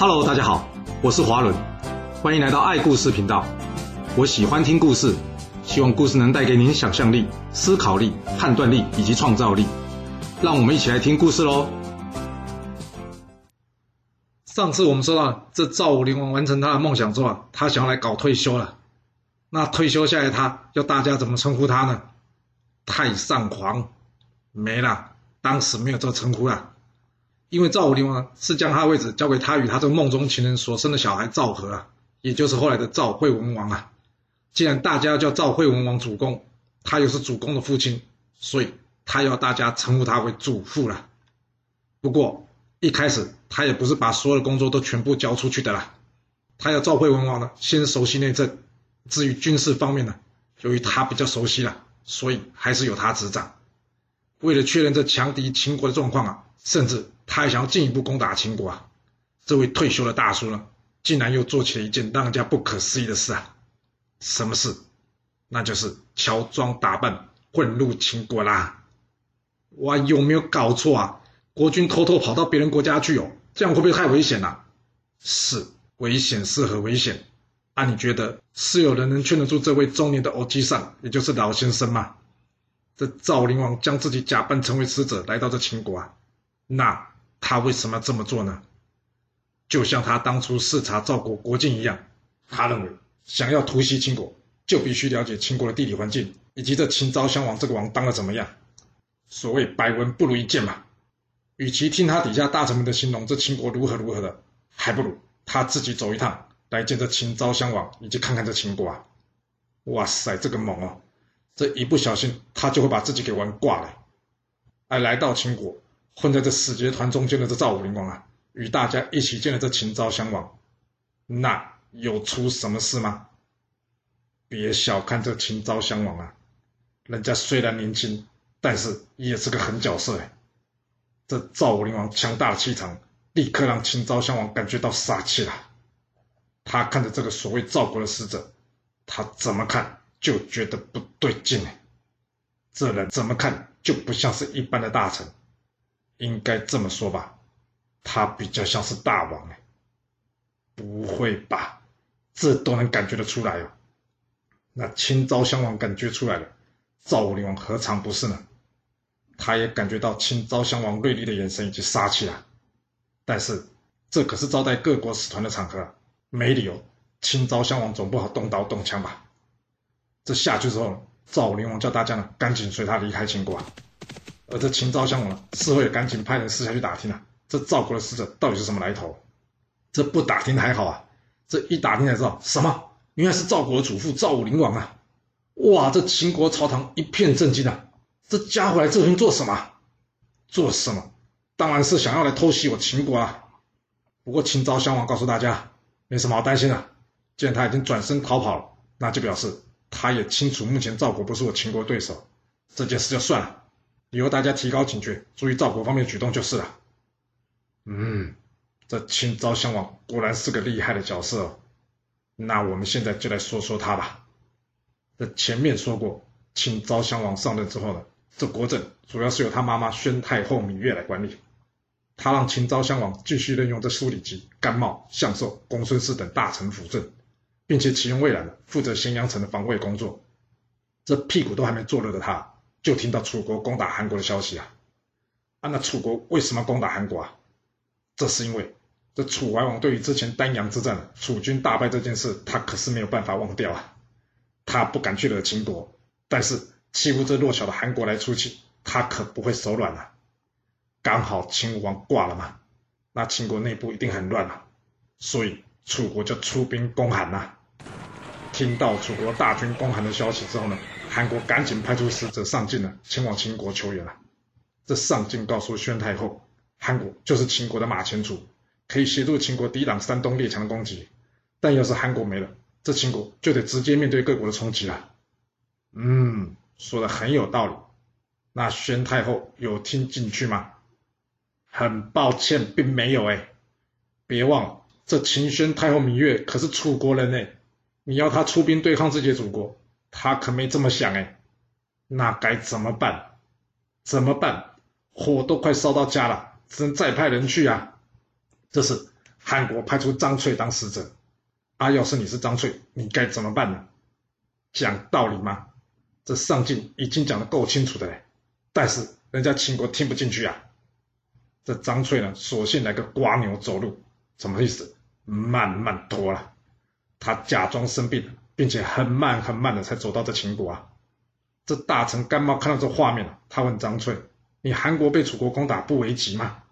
Hello，大家好，我是華倫，歡迎來到愛故事頻道。我喜歡聽故事，希望故事能帶給您想象力、思考力、判斷力以及創造力。讓我們一起來聽故事嘍。上次我們說到，這趙武靈王完成他的夢想之後，他想要來搞退休了。那退休下來他，他要大家怎麼稱呼他呢？太上皇，沒了，當時沒有這個稱呼啊。因為趙武靈王是將他的位置交給他與他這個夢中情人所生的小孩趙何啊，也就是後來的趙惠文王啊。既然大家叫趙惠文王主公，他又是主公的父親，所以他要大家稱呼他為主父了。不過一開始他也不是把所有的工作都全部交出去的啦，他要趙惠文王呢先熟悉內政，至於軍事方面呢，由於他比較熟悉了，所以還是由他執掌。為了確認這強敵秦國的狀況啊。甚至他還想要進一步攻打秦國啊！這位退休的大叔呢，竟然又做起了一件讓人家不可思議的事啊！什麼事？那就是喬裝打扮混入秦國啦！哇，有沒有搞錯啊？國君偷偷跑到別人國家去哦，這樣會不會太危險了？啊？是，危險，是何危險，是很危險。那你覺得是有人能勸得住這位中年的歐吉桑，也就是老先生嗎？這趙靈王將自己假扮成為使者來到這秦國啊！那他為什麼要這麼做呢？就像他當初視察趙國國境一樣，他認為想要突襲秦國，就必須了解秦國的地理環境以及這秦昭襄王這個王當的怎麼樣。所謂百聞不如一見嘛，與其聽他底下大臣們的形容這秦國如何如何的，還不如他自己走一趟來見這秦昭襄王，以及看看這秦國啊。哇塞，這個猛啊、哦！這一不小心，他就會把自己給玩掛了。而來到秦國。混在這使節團中間的這趙武靈王啊，與大家一起見了這秦昭襄王，那有出什麼事嗎？別小看這秦昭襄王啊，人家雖然年輕，但是也是個狠角色。這趙武靈王強大的氣場，立刻讓秦昭襄王感覺到殺氣了。他看着這個所謂趙國的使者，他怎麼看就覺得不對勁呢？這人怎麼看就不像是一般的大臣。應該這麼說吧，他比較像是大王誒，不會吧，這都能感覺得出來哦。那秦昭襄王感覺出來了，趙武靈王何嘗不是呢？他也感覺到秦昭襄王銳利的眼神以及殺氣啊。但是這可是招待各國使團的場合，沒理由秦昭襄王總不好動刀動槍吧？這下去之後，趙武靈王叫大家呢，趕緊隨他離開秦國啊。而這秦昭襄王事後也趕緊派人私下去打聽了啊，這趙國的使者到底是什麼來頭？這不打聽還好啊，這一打聽才知道，什麼？原來是趙國的主父趙武靈王啊！哇，這秦國朝堂一片震驚啊！這家伙來這邊做什麼？做什麼？當然是想要來偷襲我秦國啊！不過秦昭襄王告訴大家，沒什麼好擔心的啊，既然他已經轉身逃跑了，那就表示他也清楚目前趙國不是我秦國對手，這件事就算了。以後大家提高警覺，注意趙國方面舉動就是了。嗯，這秦昭襄王果然是個厲害的角色哦。那我們現在就來說說他吧。這前面說過，秦昭襄王上任之後呢，這國政主要是由他媽媽宣太后羋月來管理。他讓秦昭襄王繼續任用這樗里疾、甘茂、向壽、公孫氏等大臣輔政，並且啟用魏冉負責咸陽城的防衛工作。這屁股都還沒坐熱的他。就聽到楚國攻打韓國的消息啊！啊，那楚國為什麼攻打韓國啊？這是因為這楚懷王對於之前丹陽之戰楚軍大敗這件事，他可是沒有辦法忘掉啊！他不敢去惹秦國，但是欺負這弱小的韓國來出氣，他可不會手軟了啊。剛好秦武王掛了嘛，那秦國內部一定很亂了啊，所以楚國就出兵攻韓啊。聽到楚國大軍攻韓的消息之後呢？韓國趕緊派出使者上進了，前往秦國求援了。這上進告訴宣太後，韓國就是秦國的馬前卒，可以協助秦國抵擋山東列強的攻擊。但要是韓國沒了，這秦國就得直接面對各國的衝擊了。嗯，說的很有道理。那宣太后有聽進去嗎？很抱歉，並沒有。哎，別忘了，這秦宣太后羋月可是楚國人呢，你要她出兵對抗自己的祖國。他可沒這麼想哎，那該怎麼辦？怎麼辦？火都快燒到家了，只能再派人去啊。這時韓國派出張翠當使者啊。要是你是張翠，你該怎麼辦呢？講道理嗎？這上進已經講的夠清楚的嘞，但是人家秦國聽不進去啊。這張翠呢，索性來個蝸牛走路，什麼意思？慢慢拖了，他假裝生病。並且很慢很慢的才走到這秦國啊！這大臣甘茂看到這畫面，他問張翠：“你韓國被楚國攻打不危急嗎？”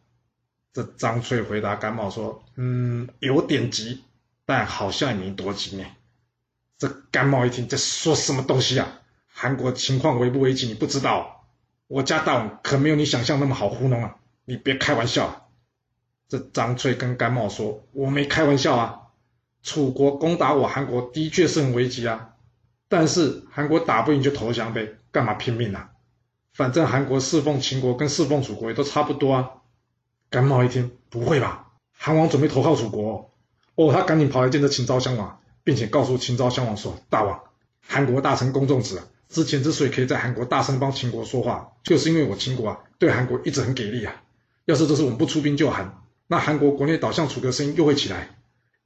這張翠回答甘茂說：“嗯，有點急，但好像也沒多急呢。”這甘茂一聽，在說什麼東西啊？韓國情況危不危急你不知道啊？我家大王可沒有你想象那麼好糊弄啊！你別開玩笑啊！這張翠跟甘茂說：“我沒開玩笑啊。”楚國攻打我韓國，的確是很危急啊！但是韓國打不贏就投降唄，幹嘛拼命啊？反正韓國侍奉秦國跟侍奉楚國也都差不多啊。甘茂一聽，不會吧？韓王準備投靠楚國哦？哦，他趕緊跑來見着秦昭襄王，並且告訴秦昭襄王說：“大王，韓國大臣公仲子啊，之前之所以可以在韓國大聲幫秦國說話，就是因為我秦國啊對韓國一直很給力啊。要是這次我們不出兵救韓，那韓國國內倒向楚的聲音又會起來。”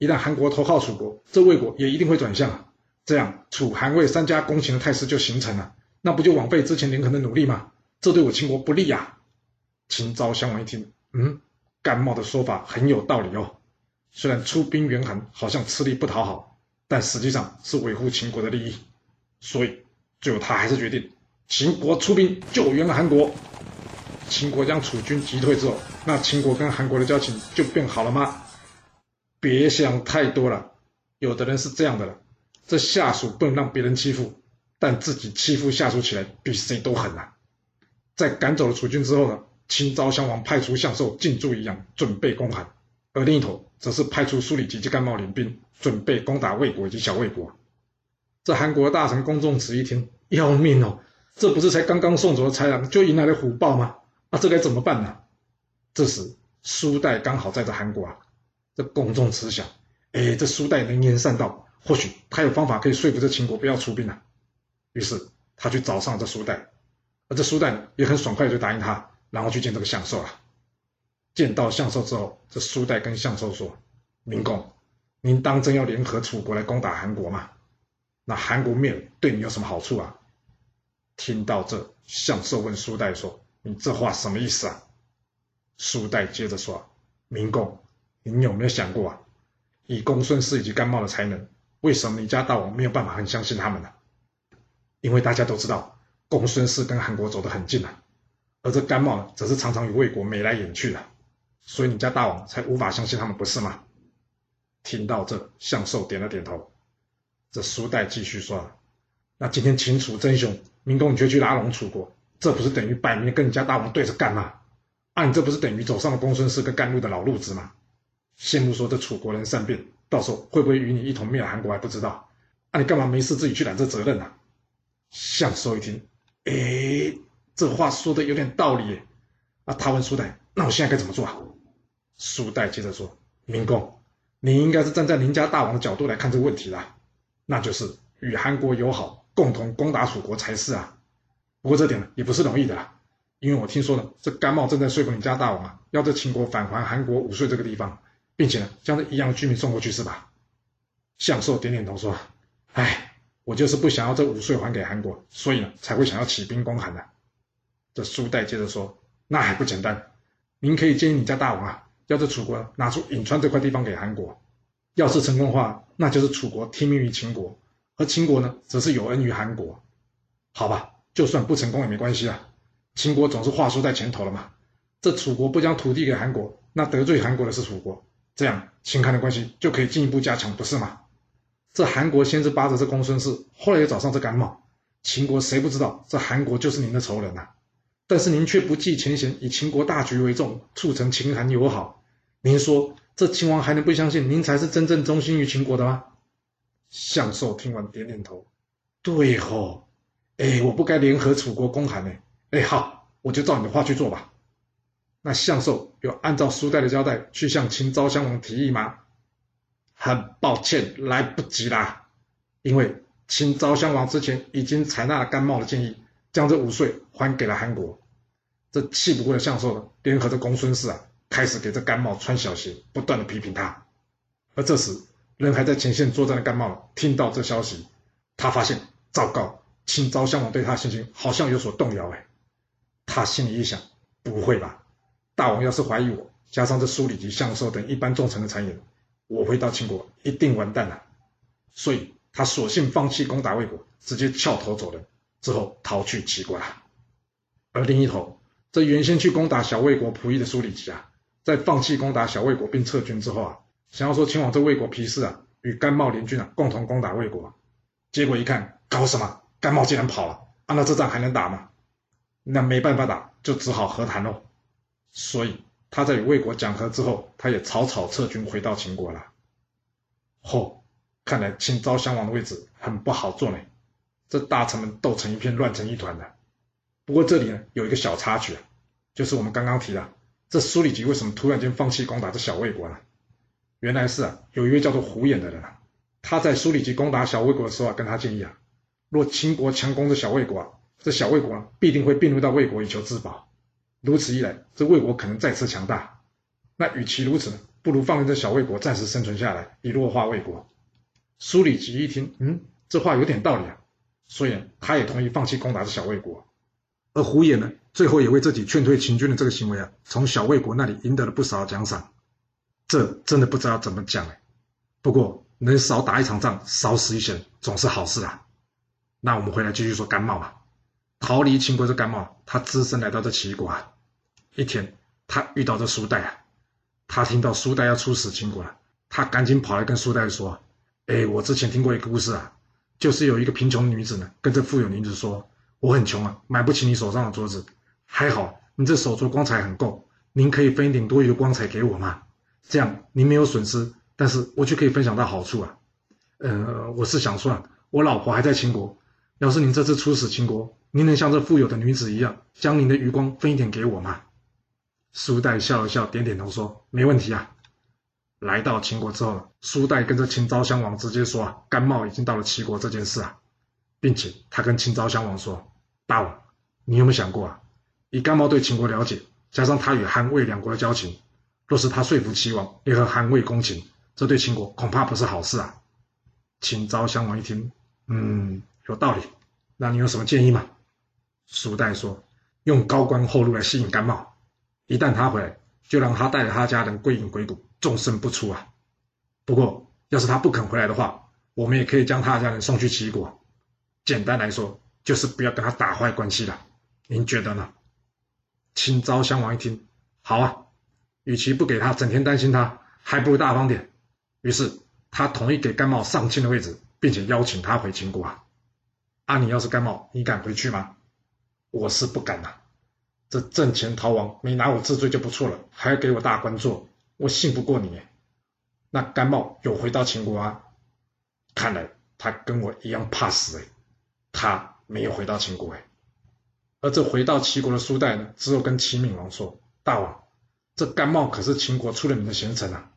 一旦韓國投靠楚國，這魏國也一定會轉向，這樣楚、韓、魏三家攻秦的態勢就形成了，那不就枉費之前連橫的努力嗎？這對我秦國不利呀、啊！秦昭襄王一聽，嗯，甘茂的說法很有道理哦。雖然出兵援韓好像吃力不討好，但實際上是維護秦國的利益，所以最後他還是決定秦國出兵救援了韓國。秦國將楚軍擊退之後，那秦國跟韓國的交情就變好了嗎？別想太多了，有的人是這樣的了，這下屬不能讓別人欺負，但自己欺負下屬起來比誰都狠啊！在趕走了楚軍之後呢，秦昭襄王派出向壽進駐宜陽，準備攻韓；而另一頭則是派出蘇厲以及甘茂領兵，準備攻打魏國以及小魏國。這韓國的大臣公仲侈一聽，要命哦，這不是才剛剛送走了豺狼，就迎來了虎豹嗎？那、啊、這該怎麼辦呢？這時，蘇代剛好在這韓國啊。公眾思想，哎，這蘇代能言善道，或許他有方法可以說服這秦國不要出兵啊，於是他去找上了這蘇代，而這蘇代也很爽快就答應他，然後去見這個向壽了。見到向壽之後，這蘇代跟向壽說：“明公，您當真要聯合楚國來攻打韓國嗎？那韓國滅了，對你有什麼好處啊？”聽到這，向壽問蘇代說：“你這話什麼意思啊？”蘇代接着說：“明公。”你有沒有想過啊？以公孫氏以及甘茂的才能，為什麼你家大王沒有辦法很相信他們呢？因為大家都知道，公孫氏跟韓國走得很近了、啊，而這甘茂呢，則是常常與魏國眉來眼去的，所以你家大王才無法相信他們，不是嗎？聽到這，向壽點了點頭。這蘇代繼續說了：“那今天秦楚爭雄，明公你就去拉攏楚國，這不是等於擺明跟你家大王對着幹嗎？啊，你這不是等於走上了公孫氏跟甘露的老路子嗎？”羨慕說：“這楚國人善變，到時候會不會與你一同滅了韓國還不知道？那、啊、你幹嘛沒事自己去攬這責任呢、啊？”向壽一聽，哎，這話說的有點道理。那他問蘇代：“那我現在該怎麼做？”啊？蘇代接着說：“明公，你應該是站在您家大王的角度來看這個問題啦、啊，那就是與韓國友好，共同攻打楚國才是啊。不過這點呢，也不是容易的啦，因為我聽說了，這甘茂正在說服您家大王，啊，要這秦國返還韓國武遂這個地方。”並且呢，將這一樣的居民送過去是吧？向壽點點頭說：“哎，我就是不想要這武遂還給韓國，所以呢才會想要起兵攻韓的。”這蘇代接着說：“那還不簡單，您可以建議你家大王啊，要這楚國拿出潁川這塊地方給韓國。要是成功的話，那就是楚國聽命於秦國，而秦國呢，則是有恩於韓國。好吧，就算不成功也沒關係啊，秦國總是話說在前頭了嘛。這楚國不將土地給韓國，那得罪韓國的是楚國。”這樣秦韓的關係就可以進一步加強，不是嗎？這韓國先是扒着這公孫氏，後來又找上這甘茂，秦國誰不知道這韓國就是您的仇人吶、啊？但是您卻不計前嫌，以秦國大局為重，促成秦韓友好。您說這秦王還能不相信您才是真正忠心於秦國的嗎？向壽聽完點點頭，對吼，哎，我不該聯合楚國攻韓誒，哎好，我就照你的話去做吧。那向壽有按照蘇代的交代去向秦昭襄王提議嗎？很抱歉，來不及啦，因為秦昭襄王之前已經採納了甘茂的建議，將這武遂還給了韓國。這氣不過的向壽呢，聯合着公孫氏啊，開始給這甘茂穿小鞋，不斷的批評他。而這時，人還在前線作戰的甘茂聽到這消息，他發現糟糕，秦昭襄王對他信心好像有所動搖哎，他心裡一想，不會吧？大王要是懷疑我，加上這樗里疾、向壽等一般重臣的讒言，我回到秦國一定完蛋了、啊。所以，他索性放棄攻打魏國，直接翹頭走人，之後逃去齊國了。而另一頭，這原先去攻打小魏國僕役的樗里疾啊，在放棄攻打小魏國並撤軍之後啊，想要說前往這魏國皮氏啊，與甘茂聯軍啊共同攻打魏國、啊。結果一看，搞什麼？甘茂竟然跑了！按、啊、照這仗還能打嗎？那沒辦法打，就只好和談嘍、哦。所以他在與魏國講和之後，他也草草撤軍回到秦國了。嚯、哦，看來秦昭襄王的位置很不好坐呢，這大臣們鬥成一片，亂成一團了。不過這裡呢有一個小插曲啊，就是我們剛剛提的，這樗里疾為什麼突然間放棄攻打這小魏國了？原來是啊，有一位叫做胡衍的人，啊，他在樗里疾攻打小魏國的時候，啊，跟他建議啊，若秦國強攻這小魏國，啊，這小魏國必定會並入到魏國以求自保。如此一來，這魏國可能再次強大。那與其如此呢，不如放任這小衛國暫時生存下來，以弱化魏國。樗里疾一聽，嗯，這話有點道理啊。所以他也同意放棄攻打這小衛國。而胡衍呢，最後也為自己勸退秦軍的這個行為啊，從小衛國那裡贏得了不少的獎賞。這真的不知道怎麼講哎。不過能少打一場仗，少死一些人，總是好事啊。那我們回來繼續說甘茂吧。逃離秦國這幹嗎？他只身來到這齊國啊，一天他遇到這蘇代啊，他聽到蘇代要出使秦國了，他趕緊跑來跟蘇代說：“哎、欸，我之前聽過一個故事啊，就是有一個貧窮女子呢，跟這富有女子說：‘我很窮啊，買不起你手上的鐲子，還好你這手鐲光彩很夠，您可以分一點多餘的光彩給我嗎？這樣您沒有損失，但是我就可以分享到好處啊。呃’嗯，我是想說，啊，我老婆還在秦國，要是您這次出使秦國。”您能像這富有的女子一樣，將您的餘光分一點給我嗎？蘇代笑了笑，點點頭說：“沒問題啊。”來到秦國之後，蘇代跟着秦昭襄王直接說：“啊，甘茂已經到了齊國這件事啊，並且他跟秦昭襄王說，大王，你有沒有想過啊？以甘茂對秦國了解，加上他與韓魏兩國的交情，若是他說服齊王聯合韓魏攻秦，這對秦國恐怕不是好事啊。”秦昭襄王一聽，嗯，有道理。那你有什麼建議嗎？蘇代說：“用高官厚祿來吸引甘茂，一旦他回來，就讓他帶着他家人歸隱鬼谷，終身不出啊。不過，要是他不肯回來的話，我們也可以將他的家人送去齊國。簡單來說，就是不要跟他打壞關係了。您覺得呢？”秦昭襄王一聽：“好啊，與其不給他，整天擔心他，還不如大方點。”於是他同意給甘茂上卿的位置，並且邀請他回秦國啊。阿、啊、你要是甘茂，你敢回去嗎？我是不敢吶、啊，這陣前逃亡沒拿我治罪就不錯了，還要給我大官做，我信不過你。那甘茂有回到秦國啊？看來他跟我一樣怕死誒，他沒有回到秦國誒。而這回到齊國的蘇代呢，只有跟齊閔王說：“大王，這甘茂可是秦國出了名的賢臣啊，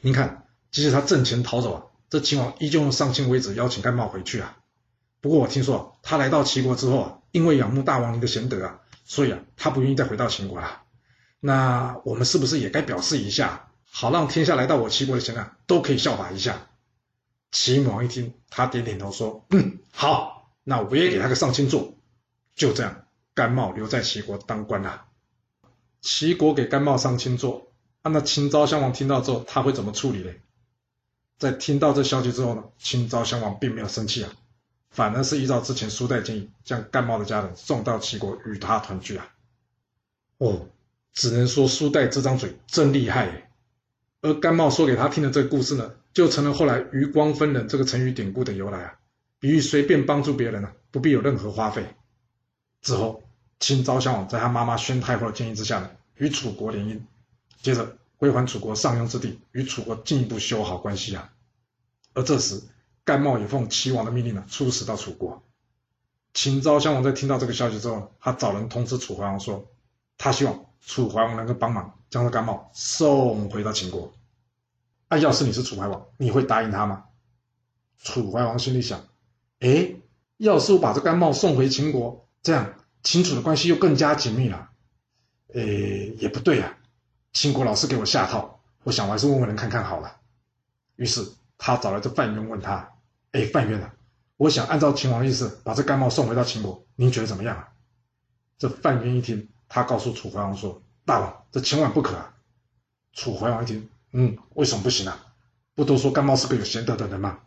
您看，即使他陣前逃走啊，這秦王依舊用上卿位子邀請甘茂回去啊。”不過我聽說他來到齊國之後，因為仰慕大王您的賢德啊，所以啊，他不願意再回到秦國了啊。那我們是不是也該表示一下，好讓天下來到我齊國的賢人啊都可以效法一下？齊王一聽，他點點頭說：“嗯，好，那我也給他個上卿做。”就這樣，甘茂留在齊國當官了啊。齊國給甘茂上卿做啊，那秦昭襄王聽到之後，他會怎麼處理呢？在聽到這消息之後呢，秦昭襄王並沒有生氣啊。反而是依照之前蘇代建議，將甘茂的家人送到齊國與他團聚啊！哦，只能說蘇代這張嘴真厲害誒。而甘茂說給他聽的這個故事呢，就成了後來“餘光分人”這個成語典故的由來啊，比喻隨便幫助別人呢、啊，不必有任何花費。之後，秦昭襄王在他媽媽宣太後的建議之下呢，與楚國聯姻，接着歸還楚國上庸之地，與楚國進一步修好關係啊。而這時，甘茂也奉齊王的命令呢，出使到楚國。秦昭襄王在聽到這個消息之後，他找人通知楚懷王說，他希望楚懷王能夠幫忙將這甘茂送回到秦國。哎、啊，要是你是楚懷王，你會答應他嗎？楚懷王心裡想：哎，要是我把這甘茂送回秦國，這樣秦楚的關係又更加緊密了。哎，也不對啊，秦國老是給我下套，我想我還是問問人看看好了。於是他找來這范庸問他。哎，范淵啊，我想按照秦王的意思，把這甘茂送回到秦國，您覺得怎麼樣啊？這范淵一聽，他告訴楚懷王說：“大王，這千萬不可啊！”楚懷王一聽，嗯，為什麼不行啊？不都說甘茂是個有賢德的人嗎、啊？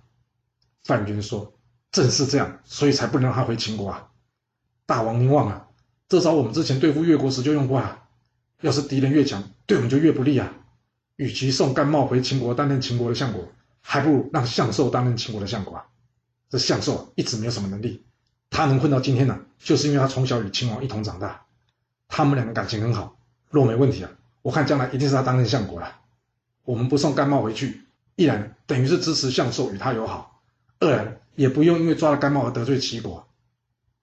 范淵說：“正是這樣，所以才不能讓他回秦國啊！大王您忘了、啊，這招我們之前對付越國時就用過啊，要是敵人越強，對我們就越不利啊！與其送甘茂回秦國擔任秦國的相國，還不如讓向壽擔任秦國的相國，啊，這向壽一直沒有什麼能力，他能混到今天呢、啊，就是因為他從小與秦王一同長大，他們兩個感情很好。若沒問題啊，我看將來一定是他擔任相國了、啊。我們不送甘茂回去，一來等於是支持向壽與他友好，二來也不用因為抓了甘茂而得罪齊國。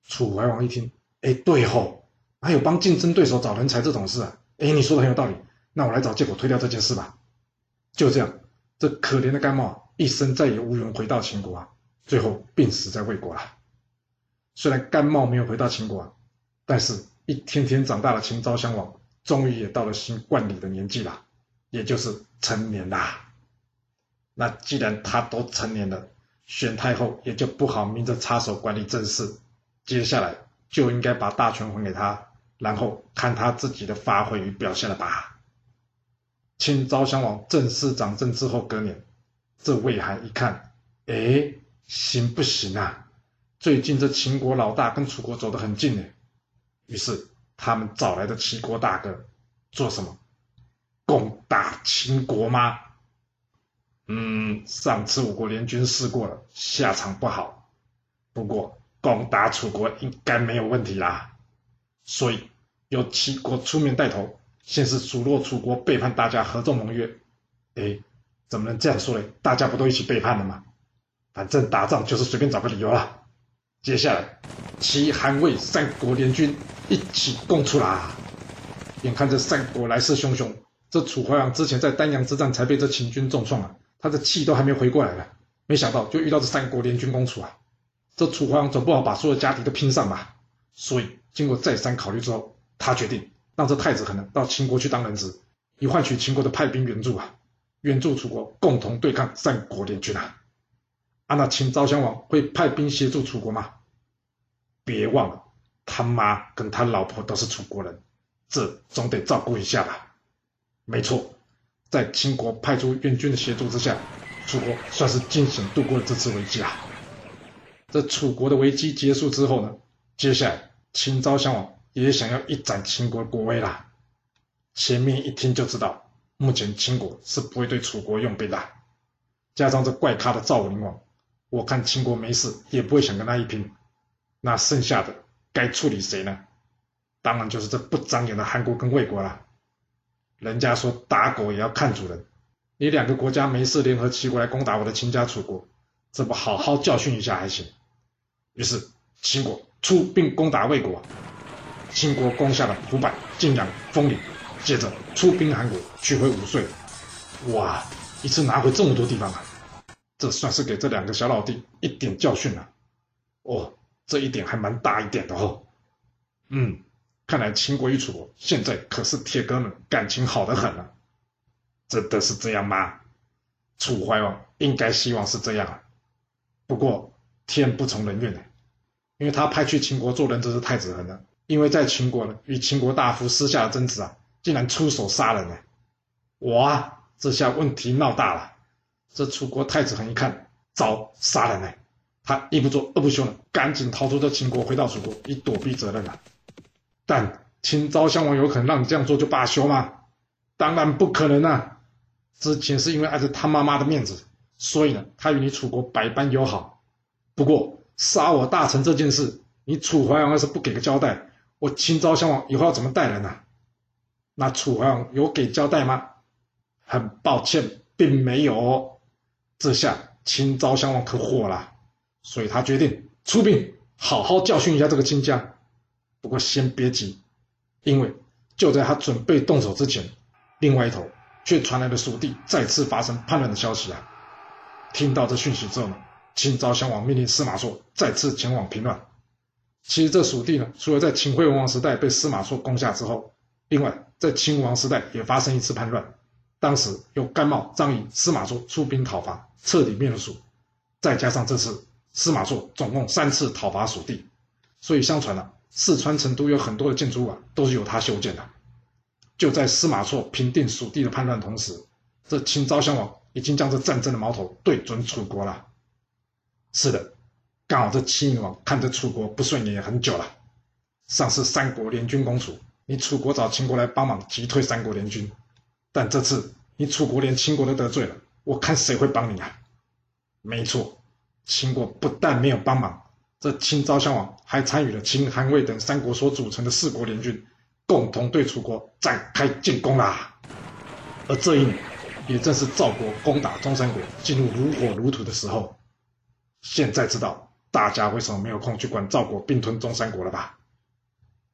楚懷王一聽，哎，對吼，還有幫競爭對手找人才這種事啊？哎，你說的很有道理，那我來找借口推掉這件事吧，就這樣。這可憐的甘茂，一生再也無緣回到秦國啊，最後病死在魏國了啊。雖然甘茂沒有回到秦國，但是，一天天長大的秦昭襄王，終於也到了行冠禮的年紀了，也就是成年啦。那既然他都成年了，宣太後也就不好明着插手管理政事，接下來就應該把大權還給他，然後看他自己的發揮與表現了吧。秦昭襄王正式掌政之後隔年，這魏韓一看，哎，行不行啊？最近這秦國老大跟楚國走得很近呢。於是他們找來的齊國大哥做什麼？攻打秦國嗎？嗯，上次五國聯軍試過了，下場不好。不過攻打楚國應該沒有問題啦。所以由齊國出面帶頭。先是數落楚國背叛大家合縱盟約，哎，怎麼能這樣說嘞？大家不都一起背叛了嗎？反正打仗就是隨便找個理由啊。接下來，齊、韓、魏三國聯軍一起攻楚啦。眼看着三國來勢洶洶，這楚懷王之前在丹陽之戰才被這秦軍重創了，他的氣都還沒回過來了。沒想到就遇到這三國聯軍攻楚啊！這楚懷王總不好把所有家底都拼上吧？所以經過再三考慮之後，他決定。那這太子可能到秦國去當人質，以換取秦國的派兵援助，啊，援助楚國共同對抗三國聯軍啊。啊，那秦昭襄王會派兵協助楚國嗎？別忘了，他媽跟他老婆都是楚國人，這總得照顧一下吧。沒錯，在秦國派出援軍的協助之下，楚國算是驚險度過了這次危機啊。這楚國的危機結束之後呢，接下來秦昭襄王。也想要一展秦國國威啦。前面一聽就知道，目前秦國是不會對楚國用兵的。加上這怪咖的趙武靈王，我看秦國沒事也不會想跟他一拼。那剩下的該處理誰呢？當然就是這不長眼的韓國跟魏國啦。人家說打狗也要看主人，你兩個國家沒事聯合齊國來攻打我的親家楚國，這不好好教訓一下還行。於是秦國出兵攻打魏國。秦國攻下了蒲坂、晉陽、封陵，接着出兵韓國，取回武遂。哇！一次拿回這麼多地方啊！這算是給這兩個小老弟一點教訓了、啊。哦，這一點還蠻大一點的哦。嗯，看來秦國與楚國現在可是鐵哥們，感情好得很了、啊。真的是這樣嗎？楚懷王應該希望是這樣啊。不過天不從人願，因為他派去秦國做人質是太子橫了。因為在秦國呢，與秦國大夫私下的爭執啊，竟然出手殺人呢、啊。我啊，這下問題鬧大了。這楚國太子橫一看，遭殺人呢、啊。他一不做二不休呢，趕緊逃出這秦國，回到楚國以躲避責任啊。但秦昭襄王有可能讓你這樣做就罷休嗎？當然不可能啊！之前是因為礙着他媽媽的面子，所以呢，他與你楚國百般友好。不過殺我大臣這件事，你楚懷王要是不給個交代，我秦昭襄王以後要怎麼待人呢、啊？那楚懷王有給交代嗎？很抱歉，並沒有。這下秦昭襄王可火了、啊，所以他決定出兵，好好教訓一下這個親家。不過先別急，因為就在他準備動手之前，另外一頭卻傳來了蜀地再次發生叛亂的消息啊！聽到這訊息之後，呢，秦昭襄王命令司馬錯再次前往平亂。其實這蜀地呢，除了在秦惠文王、王時代被司馬錯攻下之後，另外在秦武王時代也發生一次叛亂，當時有甘茂、張儀、司馬錯出兵討伐，徹底滅了蜀。再加上這次司馬錯總共三次討伐蜀地，所以相傳呢、啊，四川成都有很多的建築物啊，都是由他修建的。就在司馬錯平定蜀地的叛亂的同時，這秦昭襄王已經將這戰爭的矛頭對準楚國了。是的。剛好這秦王看着楚國不順眼也很久了，上次三國聯軍攻楚，你楚國找秦國來幫忙擊退三國聯軍，但這次你楚國連秦國都得罪了，我看誰會幫你啊？沒錯，秦國不但沒有幫忙，這秦昭襄王還參與了秦、韓、魏等三國所組成的四國聯軍，共同對楚國展開進攻啦。而這一年，也正是趙國攻打中山國，進入如火如荼的時候。現在知道，大家為什麼沒有空去管趙國併吞中山國了吧？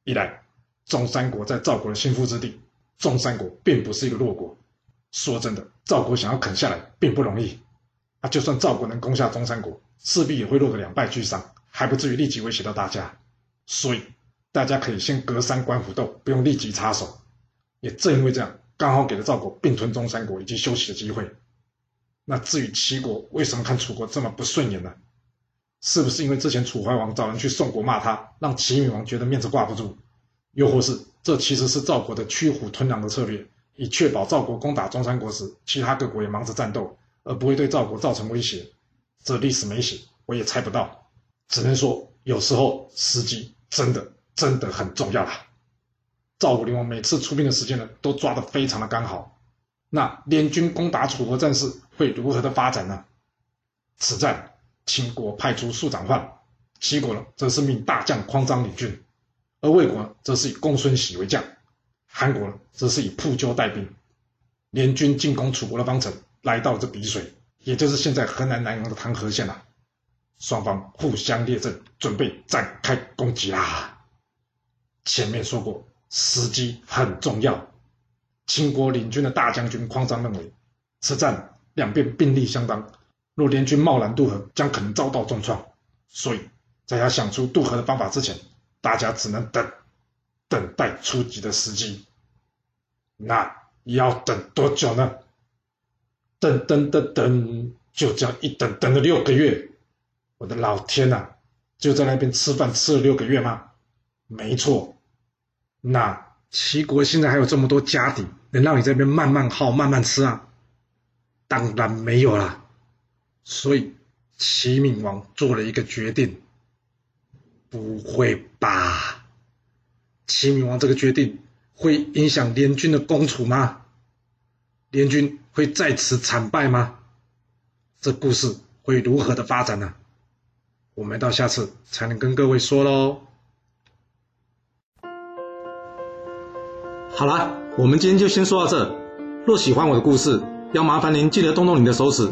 一來，中山國在趙國的心腹之地，中山國並不是一個弱國。說真的，趙國想要啃下來並不容易。啊，就算趙國能攻下中山國，勢必也會落得兩敗俱傷，還不至於立即威脅到大家。所以，大家可以先隔山觀虎鬥，不用立即插手。也正因為這樣，剛好給了趙國併吞中山國以及休息的機會。那至於齊國為什麼看楚國這麼不順眼呢？是不是因為之前楚懷王找人去宋國罵他，讓齊閔王覺得面子掛不住？又或是這其實是趙國的驅虎吞狼的策略，以確保趙國攻打中山國時，其他各國也忙着戰鬥，而不會對趙國造成威脅？這歷史沒寫，我也猜不到。只能說，有時候時機真的真的很重要啦。趙武靈王每次出兵的時間呢，都抓得非常的剛好。那聯軍攻打楚國戰事會如何的發展呢？此戰。秦國派出庶長范，齊國呢則是命大將匡章領軍，而魏國則是以公孫喜為將，韓國呢則是以蒲交帶兵，聯軍進攻楚國的方城，來到這沘水，也就是現在河南南陽的唐河縣了、啊、雙方互相列陣，準備展開攻擊啦、啊。前面說過，時機很重要。秦國領軍的大將軍匡章認為，此戰兩邊兵力相當。若聯軍貿然渡河，將可能遭到重創。所以，在他想出渡河的方法之前，大家只能等，等待出擊的時機。那要等多久呢？等，等，等，等，就這樣一等等了六個月。我的老天啊，就在那邊吃飯吃了六個月嗎？沒錯。那齊國現在還有這麼多家底，能讓你這邊慢慢耗、慢慢吃啊？當然沒有啦。所以，齊閔王做了一個決定。不會吧？齊閔王這個決定會影響聯軍的攻楚嗎？聯軍會再次慘敗嗎？這故事會如何的發展呢、啊？我們到下次才能跟各位說嘍。好了，我們今天就先說到這。若喜歡我的故事，要麻煩您記得動動您的手指。